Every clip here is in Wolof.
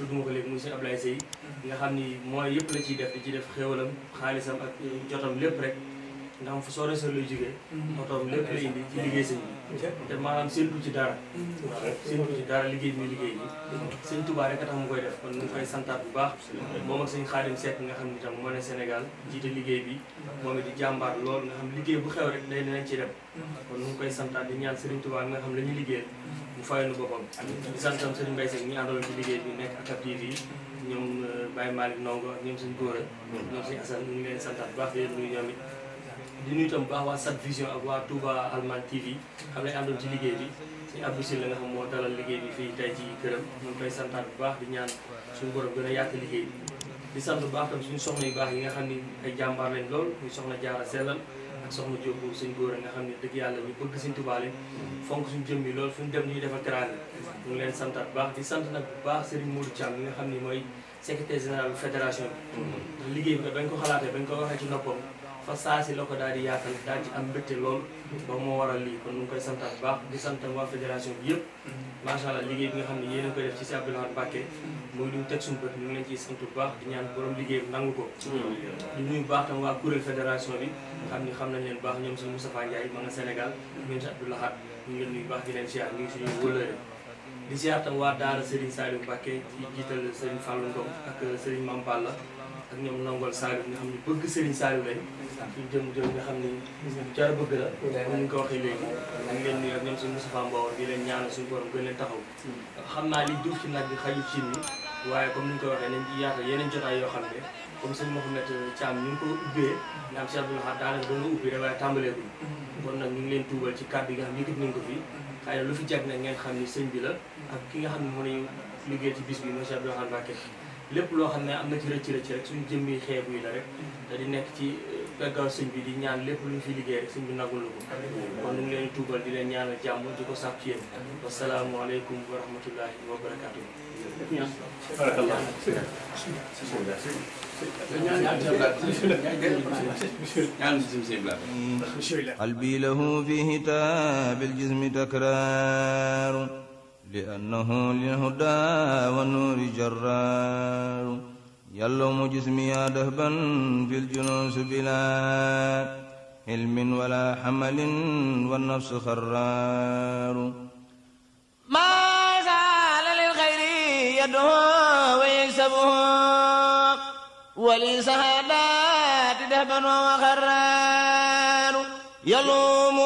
tudd ma ko léegi muy sëñ Ablaye Seye mm-hmm. nga xam ni mooy yëpp la ciy def di ci def xéwalam xaalisam ak jotam lépp rek ndax fu soo desee lay jógee. otoom mhm. lépp lay indi ci liggéey sëñ bi. te maanaam séntu ci dara. Mhm. waaw séntu ci dara liggéey bi bu baax. moom ak sëñ nga xam ne tam moo ne Sénégal jiite liggéey bi. moom it di jàmbaar lool nga xam liggéey bu xew rek day dinañ ci dem. Mhm. kon ñu ngi koy santaat di ñaan sëriñ Tuubaa nga xam la ñu liggéeyal. mu fayal nu boppam. di santam sëriñ Mbaye Seck ñu ci liggéey bi nekk ak ab TV ñoom euh, Baye Malick Ndongo ak ñoom suñ góor ñoom suñu Assane ñu ngi leen santaat bu baax di leen nuyu di nuyu itam bu baax waa Sat Vision ak waa Touba Allemagne TV xam ne àndoon ci liggéey bi suñu Abdou Sy la nga xam moo dalal liggéey bi fii tay jii këram ñu bu baax di ñaan suñu borom gën liggéey bi di sant baax itam suñu soxna yu nga xam ne ay jàmbaar lañ lool muy soxna jaara sellal ak soxna Jóob suñ góor nga xam ne dëgg yàlla ñu bëgg suñ tubaale fonk suñ jëm yi lool fu ñu dem ñuy defal teraanga ñu ngi leen santaat bu baax di sant nag bu baax Serigne Modou Thiam bi nga xam ne mooy secrétaire général bu fédération bi mm-hmm. liggéey bi bañ ko xalaatee bañ ko waxee ci noppam fa saa si la ko daal di yaatal daal ci am mbégte lool ba moo waral lii kon ñu koy santaat bu baax di sant waa fédération bi yëpp macha allah liggéey bi nga xam ne yéen a koy def ci si Abdou Lahad Mbacké muy luñ teg suñu bët ñu ngi leen ciy bu baax di ñaan borom liggéey bi nangu ko di nuyu baax fédération bi xam ni xam nañ leen baax ñoom suñu Moustapha Ndiaye ma nga Sénégal ñun si Abdou Lahad ngi leen nuyu waa daara Serigne Saliou Mbacké ci jiital Serigne Fallou Ngom ak Serigne Mame Balla ak ñoom nangol Saliou nga xam ne bëgg Serigne Saliou lañ. suñu jëm xam ni. cara bëgg la. comme ni ko waxee léegi. ñu ngi leen di ak ñoom suñu taxaw. Hmm. xam naa li duuf ci nag bi xajul ci waaye comme ni nga ko waxee nañ ci yeneen jotaay xam ne comme suñu Mouhamed Thiam ñu ngi ko ubbee. naam hmm. ñu ngi leen tuubal ci kàddu yi nga xam ne yëkkati nañ ko fi. Hmm. xam ni sëñ bi la. ak ki nga xam ne moo lay liggéey ci bis bi mooy Cheikh Abdoulaye Khane Mbacké lépp loo xam ne am na ci rëcc rëcc rek suñu jëmmi xeebu yi la rek te di nekk ci eh, peggal sëñ bi di ñaan lépp lu ñu fi liggéey rek sëñ bi nagul la ko kon ñu leen tuubal di leen ñaanal jàmm di ko sàpp ci yéen wasalaamualeykum wa rahmatullahi wa barakaatu قلبي له في هتاب الجسم تكرار لأنه للهدى والنور جرار يلوم جسمي دهبا في الجنوس بلا علم ولا حمل والنفس خرار ما زال للخير يده ويكسبه وللسهادات دهبا وخرار يلوم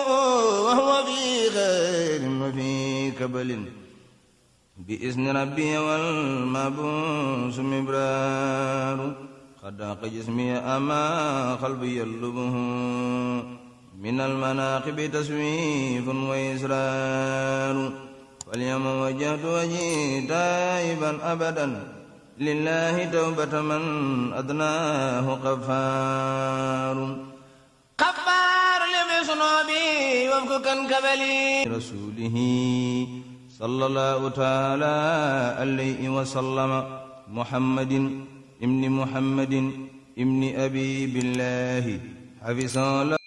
وهو في غير وفي كبل بإذن ربي والمبوس مبرار خداق جسمي أما قلبي يلبه من المناقب تسويف وإسرار فاليوم وجهت وجهي تائبا أبدا لله توبة من أدناه غفار غفار لمصنوبي وفككا كبلي رسوله صلى الله تعالى عليه وسلم محمد ابن محمد ابن أبي بالله حفظه الله